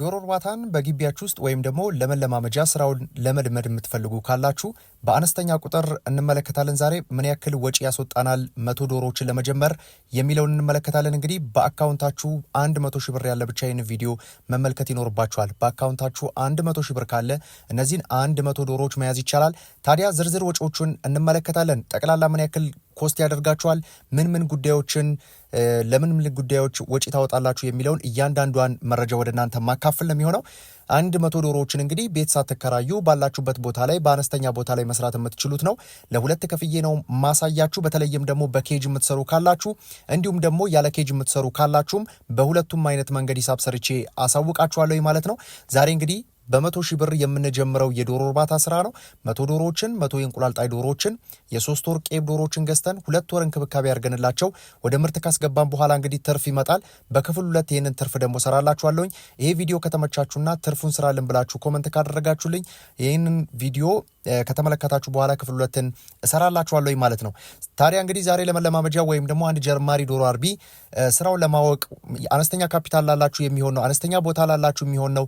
ዶሮ እርባታን በግቢያችሁ ውስጥ ወይም ደግሞ ለመለማመጃ ስራውን ለመልመድ የምትፈልጉ ካላችሁ በአነስተኛ ቁጥር እንመለከታለን። ዛሬ ምን ያክል ወጪ ያስወጣናል መቶ ዶሮዎችን ለመጀመር የሚለውን እንመለከታለን። እንግዲህ በአካውንታችሁ አንድ መቶ ሺህ ብር ያለ ብቻ ይህን ቪዲዮ መመልከት ይኖርባችኋል። በአካውንታችሁ አንድ መቶ ሺህ ብር ካለ እነዚህን አንድ መቶ ዶሮዎች መያዝ ይቻላል። ታዲያ ዝርዝር ወጪዎቹን እንመለከታለን። ጠቅላላ ምን ያክል ኮስት ያደርጋችኋል? ምን ምን ጉዳዮችን ለምን ምን ጉዳዮች ወጪ ታወጣላችሁ የሚለውን እያንዳንዷን መረጃ ወደ እናንተ ማካፈል ነው የሚሆነው። አንድ መቶ ዶሮዎችን እንግዲህ ቤት ሳትከራዩ ባላችሁበት ቦታ ላይ በአነስተኛ ቦታ ላይ መስራት የምትችሉት ነው። ለሁለት ከፍዬ ነው ማሳያችሁ። በተለይም ደግሞ በኬጅ የምትሰሩ ካላችሁ እንዲሁም ደግሞ ያለ ኬጅ የምትሰሩ ካላችሁም በሁለቱም አይነት መንገድ ሂሳብ ሰርቼ አሳውቃችኋለሁ ማለት ነው። ዛሬ እንግዲህ በመቶ ሺህ ብር የምንጀምረው የዶሮ እርባታ ስራ ነው። መቶ ዶሮዎችን መቶ የእንቁላል ጣይ ዶሮዎችን የሶስት ወር ቄብ ዶሮዎችን ገዝተን ሁለት ወር እንክብካቤ ያርገንላቸው ወደ ምርት ካስገባን በኋላ እንግዲህ ትርፍ ይመጣል። በክፍል ሁለት ይህንን ትርፍ ደግሞ ሰራላችኋለሁኝ። ይሄ ቪዲዮ ከተመቻችሁና ትርፉን ስራልን ብላችሁ ኮመንት ካደረጋችሁልኝ ይህንን ቪዲዮ ከተመለከታችሁ በኋላ ክፍል ሁለትን እሰራላችኋለሁኝ ማለት ነው። ታዲያ እንግዲህ ዛሬ ለመለማመጃ ወይም ደግሞ አንድ ጀርማሪ ዶሮ አርቢ ስራውን ለማወቅ አነስተኛ ካፒታል ላላችሁ የሚሆን ነው። አነስተኛ ቦታ ላላችሁ የሚሆን ነው።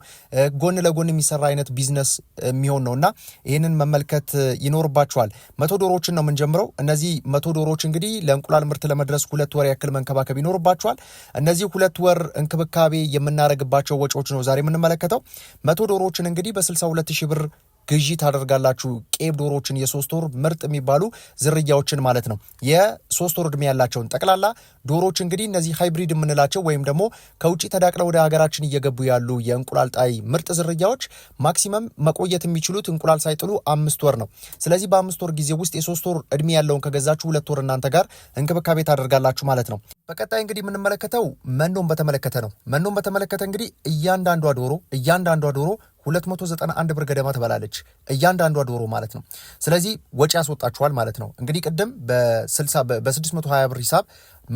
ጎን ለጎን የሚሰራ አይነት ቢዝነስ የሚሆን ነው እና ይህንን መመልከት ይኖርባችኋል። መቶ ዶሮዎችን ነው የምንጀምረው። እነዚህ መቶ ዶሮዎች እንግዲህ ለእንቁላል ምርት ለመድረስ ሁለት ወር ያክል መንከባከብ ይኖርባችኋል። እነዚህ ሁለት ወር እንክብካቤ የምናደርግባቸው ወጪዎች ነው ዛሬ የምንመለከተው። መቶ ዶሮዎችን እንግዲህ በ62 ሺህ ብር ግዢ ታደርጋላችሁ። ቄብ ዶሮዎችን የሶስት ወር ምርጥ የሚባሉ ዝርያዎችን ማለት ነው። የሶስት ወር እድሜ ያላቸውን ጠቅላላ ዶሮዎች እንግዲህ እነዚህ ሃይብሪድ የምንላቸው ወይም ደግሞ ከውጭ ተዳቅለው ወደ ሀገራችን እየገቡ ያሉ የእንቁላል ጣይ ምርጥ ዝርያዎች ማክሲመም መቆየት የሚችሉት እንቁላል ሳይጥሉ አምስት ወር ነው። ስለዚህ በአምስት ወር ጊዜ ውስጥ የሶስት ወር እድሜ ያለውን ከገዛችሁ ሁለት ወር እናንተ ጋር እንክብካቤ ታደርጋላችሁ ማለት ነው። በቀጣይ እንግዲህ የምንመለከተው መኖን በተመለከተ ነው። መኖን በተመለከተ እንግዲህ እያንዳንዷ ዶሮ እያንዳንዷ ዶሮ 291 ብር ገደማ ትበላለች እያንዳንዷ ዶሮ ማለት ነው። ስለዚህ ወጪ ያስወጣችኋል ማለት ነው። እንግዲህ ቅድም በ620 ብር ሂሳብ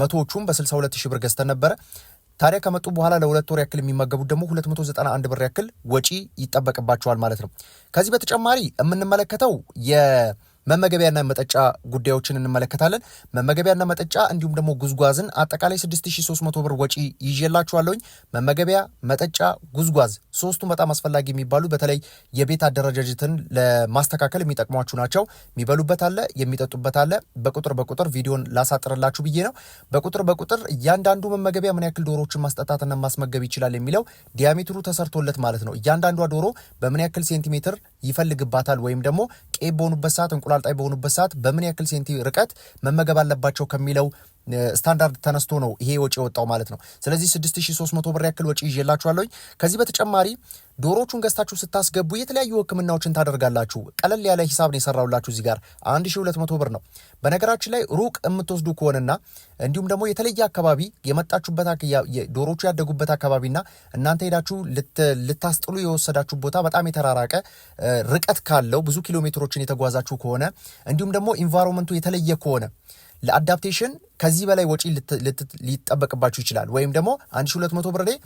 መቶዎቹም በ62000 ብር ገዝተን ነበረ። ታዲያ ከመጡ በኋላ ለሁለት ወር ያክል የሚመገቡት ደግሞ 291 ብር ያክል ወጪ ይጠበቅባቸዋል ማለት ነው። ከዚህ በተጨማሪ የምንመለከተው መመገቢያና መጠጫ ጉዳዮችን እንመለከታለን። መመገቢያና መጠጫ እንዲሁም ደግሞ ጉዝጓዝን አጠቃላይ 6300 ብር ወጪ ይዤላችኋለሁኝ። መመገቢያ፣ መጠጫ፣ ጉዝጓዝ ሶስቱም በጣም አስፈላጊ የሚባሉ በተለይ የቤት አደረጃጀትን ለማስተካከል የሚጠቅሟችሁ ናቸው። የሚበሉበት አለ፣ የሚጠጡበት አለ። በቁጥር በቁጥር ቪዲዮን ላሳጥርላችሁ ብዬ ነው። በቁጥር በቁጥር እያንዳንዱ መመገቢያ ምን ያክል ዶሮዎችን ማስጠጣትና ማስመገብ ይችላል የሚለው ዲያሜትሩ ተሰርቶለት ማለት ነው። እያንዳንዷ ዶሮ በምን ያክል ሴንቲሜትር ይፈልግባታል ወይም ደግሞ ቄ በሆኑበት ሰዓት እንቁላል ጣይ በሆኑበት ሰዓት በምን ያክል ሴንቲ ርቀት መመገብ አለባቸው ከሚለው ስታንዳርድ ተነስቶ ነው ይሄ ወጪ የወጣው ማለት ነው። ስለዚህ 6300 ብር ያክል ወጪ ይዤላችኋለሁኝ። ከዚህ በተጨማሪ ዶሮቹን ገዝታችሁ ስታስገቡ የተለያዩ ሕክምናዎችን ታደርጋላችሁ። ቀለል ያለ ሂሳብ ነው የሰራሁላችሁ እዚህ ጋር 1200 ብር ነው። በነገራችን ላይ ሩቅ የምትወስዱ ከሆነና እንዲሁም ደግሞ የተለየ አካባቢ የመጣችሁበት ዶሮቹ ያደጉበት አካባቢና እናንተ ሄዳችሁ ልታስጥሉ የወሰዳችሁ ቦታ በጣም የተራራቀ ርቀት ካለው ብዙ ኪሎ ሜትሮችን የተጓዛችሁ ከሆነ እንዲሁም ደግሞ ኢንቫይሮንመንቱ የተለየ ከሆነ ለአዳፕቴሽን ከዚህ በላይ ወጪ ሊጠበቅባችሁ ይችላል። ወይም ደግሞ 1200 ብር ላይ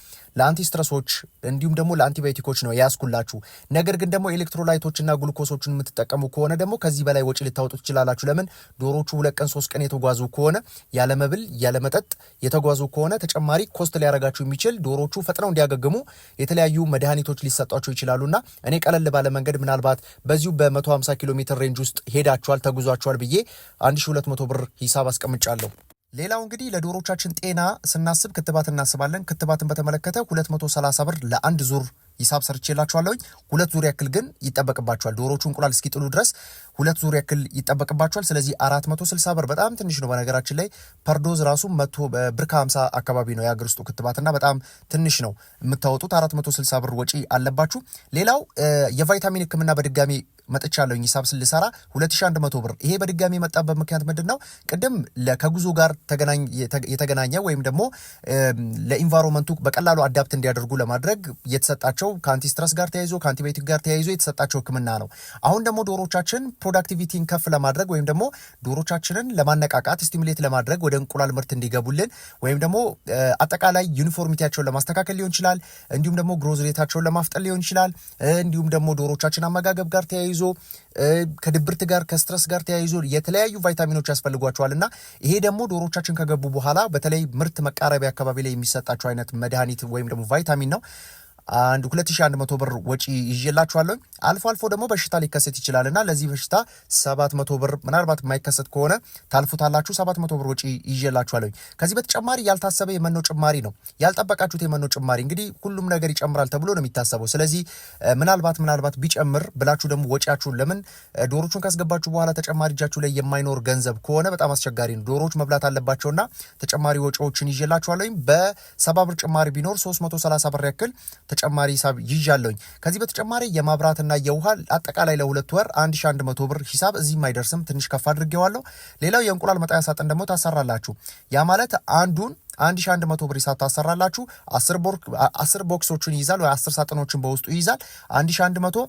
ስትረሶች እንዲሁም ደግሞ ለአንቲባዮቲኮች ነው ያስኩላችሁ። ነገር ግን ደግሞ ኤሌክትሮላይቶችና ግሉኮሶችን የምትጠቀሙ ከሆነ ደግሞ ከዚህ በላይ ወጪ ልታወጡ ትችላላችሁ። ለምን ዶሮቹ ሁለት ቀን ሶስት ቀን የተጓዙ ከሆነ ያለመብል ያለመጠጥ የተጓዙ ከሆነ ተጨማሪ ኮስት ሊያረጋችሁ የሚችል ዶሮቹ ፈጥነው እንዲያገግሙ የተለያዩ መድኃኒቶች ሊሰጧቸው ይችላሉና እኔ ቀለል ባለ መንገድ ምናልባት በዚሁ በ150 ኪሎ ሜትር ሬንጅ ውስጥ ሄዳችኋል ተጉዟችኋል ብዬ 1200 ብር ሂሳብ አስቀምጫለሁ። ሌላው እንግዲህ ለዶሮቻችን ጤና ስናስብ ክትባት እናስባለን። ክትባትን በተመለከተ 230 ብር ለአንድ ዙር ሂሳብ ሰርቼላችኋለሁኝ። ሁለት ዙር ያክል ግን ይጠበቅባችኋል። ዶሮቹ እንቁላል እስኪጥሉ ድረስ ሁለት ዙር ያክል ይጠበቅባችኋል። ስለዚህ አራት መቶ ስልሳ ብር በጣም ትንሽ ነው። በነገራችን ላይ ፐርዶዝ ራሱ መቶ ብር ከ50 አካባቢ ነው የአገር ውስጡ ክትባትና በጣም ትንሽ ነው የምታወጡት። 460 ብር ወጪ አለባችሁ። ሌላው የቫይታሚን ሕክምና በድጋሚ መጥቻለሁኝ ሂሳብ ስልሰራ 2100 ብር። ይሄ በድጋሚ የመጣበት ምክንያት ምንድን ነው? ቅድም ከጉዞ ጋር የተገናኘ ወይም ደግሞ ለኢንቫይሮንመንቱ በቀላሉ አዳፕት እንዲያደርጉ ለማድረግ የተሰጣቸው የተሰጣቸው ከአንቲስትረስ ጋር ተያይዞ ከአንቲቤቲክ ጋር ተያይዞ የተሰጣቸው ህክምና ነው። አሁን ደግሞ ዶሮቻችን ፕሮዳክቲቪቲን ከፍ ለማድረግ ወይም ደግሞ ዶሮቻችንን ለማነቃቃት ስቲሙሌት ለማድረግ ወደ እንቁላል ምርት እንዲገቡልን ወይም ደግሞ አጠቃላይ ዩኒፎርሚቲያቸውን ለማስተካከል ሊሆን ይችላል። እንዲሁም ደግሞ ግሮዝ ሬታቸውን ለማፍጠን ሊሆን ይችላል። እንዲሁም ደግሞ ዶሮቻችን አመጋገብ ጋር ተያይዞ ከድብርት ጋር ከስትረስ ጋር ተያይዞ የተለያዩ ቫይታሚኖች ያስፈልጓቸዋል እና ይሄ ደግሞ ዶሮቻችን ከገቡ በኋላ በተለይ ምርት መቃረቢያ አካባቢ ላይ የሚሰጣቸው አይነት መድኃኒት ወይም ደግሞ ቫይታሚን ነው። አንድ 2100 ብር ወጪ ይዤላችኋለሁ። አልፎ አልፎ ደግሞ በሽታ ሊከሰት ይችላልና ለዚህ በሽታ 700 ብር ምናልባት የማይከሰት ከሆነ ታልፉታላችሁ። 700 ብር ወጪ ይዤላችኋለሁ። ከዚህ በተጨማሪ ያልታሰበ የመኖ ጭማሪ ነው፣ ያልጠበቃችሁት የመኖ ጭማሪ። እንግዲህ ሁሉም ነገር ይጨምራል ተብሎ ነው የሚታሰበው። ስለዚህ ምናልባት ምናልባት ቢጨምር ብላችሁ ደግሞ ወጪያችሁን ለምን ዶሮቹን ካስገባችሁ በኋላ ተጨማሪ እጃችሁ ላይ የማይኖር ገንዘብ ከሆነ በጣም አስቸጋሪ ነው። ዶሮዎች መብላት አለባቸውና ተጨማሪ ወጪዎችን ይዤላችኋለሁ። በሰባ ብር ጭማሪ ቢኖር 330 ብር ያክል ተጨማሪ ሂሳብ ይዣለሁኝ። ከዚህ በተጨማሪ የማብራትና የውሃ አጠቃላይ ለሁለት ወር 1100 ብር ሂሳብ እዚህም አይደርስም፣ ትንሽ ከፍ አድርጌዋለሁ። ሌላው የእንቁላል መጣያ ሳጥን ደግሞ ታሰራላችሁ። ያ ማለት አንዱን 1100 ብር ሂሳብ ታሰራላችሁ። 10 ቦክሶቹን ይይዛል ወይ 10 ሳጥኖችን በውስጡ ይይዛል። 1100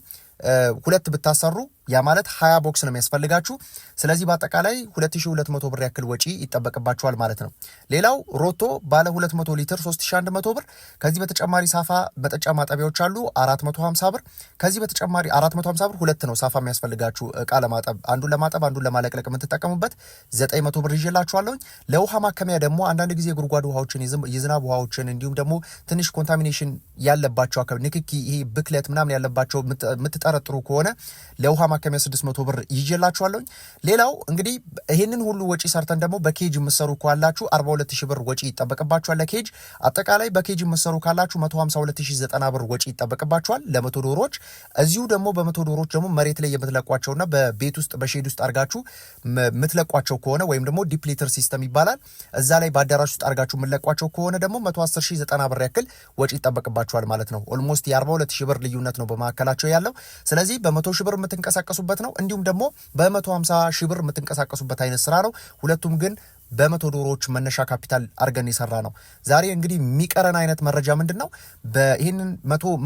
ሁለት ብታሰሩ ያ ማለት 20 ቦክስ ነው የሚያስፈልጋችሁ። ስለዚህ በአጠቃላይ 2200 ብር ያክል ወጪ ይጠበቅባችኋል ማለት ነው። ሌላው ሮቶ ባለ 200 ሊትር 3100 ብር። ከዚህ በተጨማሪ ሳፋ መጠጫ ማጠቢያዎች አሉ 450 ብር። ከዚህ በተጨማሪ 450 ብር ሁለት ነው ሳፋ የሚያስፈልጋችሁ እቃ ለማጠብ አንዱን ለማጠብ አንዱን ለማለቅለቅ የምትጠቀሙበት 900 ብር ይዤላችኋለሁ። ለውሃ ማከሚያ ደግሞ አንዳንድ ጊዜ የጉድጓድ ውሃዎችን፣ የዝናብ ውሃዎችን እንዲሁም ደግሞ ትንሽ ኮንታሚኔሽን ያለባቸው ንክኪ፣ ይሄ ብክለት ምናምን ያለባቸው የምትጠረጥሩ ከሆነ ለውሃ ማከሚያ 600 ብር ይዤላችኋለሁኝ። ሌላው እንግዲህ ይህንን ሁሉ ወጪ ሰርተን ደግሞ በኬጅ የምትሰሩ ካላችሁ 42000 ብር ወጪ ይጠበቅባችኋል። ለኬጅ አጠቃላይ በኬጅ የምትሰሩ ካላችሁ 152090 ብር ወጪ ይጠበቅባችኋል ለመቶ ዶሮዎች። እዚሁ ደግሞ በመቶ ዶሮዎች ደግሞ መሬት ላይ የምትለቋቸውና በቤት ውስጥ በሼድ ውስጥ አርጋችሁ የምትለቋቸው ከሆነ ወይም ደግሞ ዲፕሊተር ሲስተም ይባላል እዛ ላይ በአዳራሽ ውስጥ አርጋችሁ የምትለቋቸው ከሆነ ደግሞ 110090 ብር ያክል ወጪ ይጠበቅባችኋል ማለት ነው። ኦልሞስት የ42000 ብር ልዩነት ነው በመካከላቸው ያለው። ስለዚህ በመቶ ሺህ ብር የምትንቀሳቀ የምትንቀሳቀሱበት ነው። እንዲሁም ደግሞ በ150 ሺህ ብር የምትንቀሳቀሱበት አይነት ስራ ነው። ሁለቱም ግን በመቶ ዶሮዎች መነሻ ካፒታል አድርገን የሰራ ነው። ዛሬ እንግዲህ የሚቀረን አይነት መረጃ ምንድን ነው? ይህንን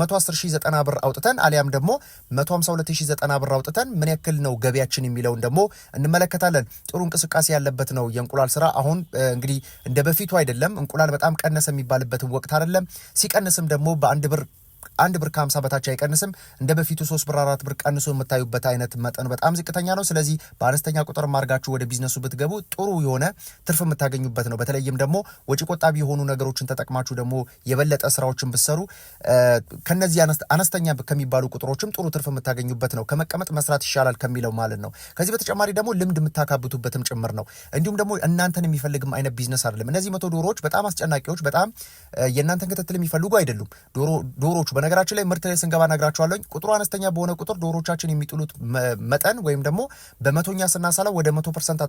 መቶ አስር ሺህ ዘጠና ብር አውጥተን አሊያም ደግሞ መቶ ሀምሳ ሁለት ሺህ ዘጠና ብር አውጥተን ምን ያክል ነው ገቢያችን የሚለውን ደግሞ እንመለከታለን። ጥሩ እንቅስቃሴ ያለበት ነው የእንቁላል ስራ። አሁን እንግዲህ እንደ በፊቱ አይደለም። እንቁላል በጣም ቀነሰ የሚባልበትን ወቅት አይደለም። ሲቀንስም ደግሞ በአንድ ብር አንድ ብር ከሀምሳ በታች አይቀንስም። እንደ በፊቱ ሶስት ብር አራት ብር ቀንሶ የምታዩበት አይነት መጠን በጣም ዝቅተኛ ነው። ስለዚህ በአነስተኛ ቁጥር ማርጋችሁ ወደ ቢዝነሱ ብትገቡ ጥሩ የሆነ ትርፍ የምታገኙበት ነው። በተለይም ደግሞ ወጪ ቆጣቢ የሆኑ ነገሮችን ተጠቅማችሁ ደግሞ የበለጠ ስራዎችን ብትሰሩ ከነዚህ አነስተኛ ከሚባሉ ቁጥሮችም ጥሩ ትርፍ የምታገኙበት ነው። ከመቀመጥ መስራት ይሻላል ከሚለው ማለት ነው። ከዚህ በተጨማሪ ደግሞ ልምድ የምታካብቱበትም ጭምር ነው። እንዲሁም ደግሞ እናንተን የሚፈልግም አይነት ቢዝነስ አይደለም። እነዚህ መቶ ዶሮዎች በጣም አስጨናቂዎች፣ በጣም የእናንተን ክትትል የሚፈልጉ አይደሉም ዶሮ ዶሮዎቹ በነገራችን ላይ ምርት ላይ ስንገባ ነግራችኋለኝ። ቁጥሩ አነስተኛ በሆነ ቁጥር ዶሮቻችን የሚጥሉት መጠን ወይም ደግሞ በመቶኛ ስናሳለው ወደ መቶ ፐርሰንት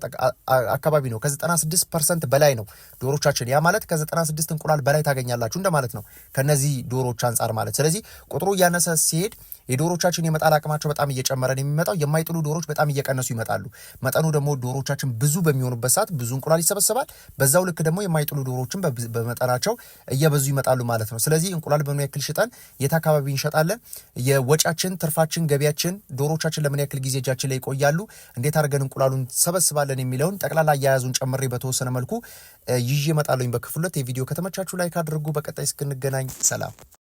አካባቢ ነው። ከዘጠና ስድስት ፐርሰንት በላይ ነው ዶሮቻችን። ያ ማለት ከዘጠና ስድስት እንቁላል በላይ ታገኛላችሁ እንደማለት ነው ከነዚህ ዶሮዎች አንጻር ማለት። ስለዚህ ቁጥሩ እያነሰ ሲሄድ የዶሮቻችን የመጣል አቅማቸው በጣም እየጨመረ ነው የሚመጣው። የማይጥሉ ዶሮች በጣም እየቀነሱ ይመጣሉ። መጠኑ ደግሞ ዶሮቻችን ብዙ በሚሆኑበት ሰዓት ብዙ እንቁላል ይሰበሰባል። በዛው ልክ ደግሞ የማይጥሉ ዶሮችን በመጠናቸው እየበዙ ይመጣሉ ማለት ነው። ስለዚህ እንቁላል በምን ያክል ሽጠን የት አካባቢ እንሸጣለን፣ የወጫችን፣ ትርፋችን፣ ገቢያችን፣ ዶሮቻችን ለምን ያክል ጊዜ እጃችን ላይ ይቆያሉ፣ እንዴት አድርገን እንቁላሉን ሰበስባለን የሚለውን ጠቅላላ አያያዙን ጨምሬ በተወሰነ መልኩ ይዤ እመጣለሁኝ በክፍል ሁለት። የቪዲዮ ከተመቻችሁ ላይክ አድርጉ። በቀጣይ እስክንገናኝ ሰላም።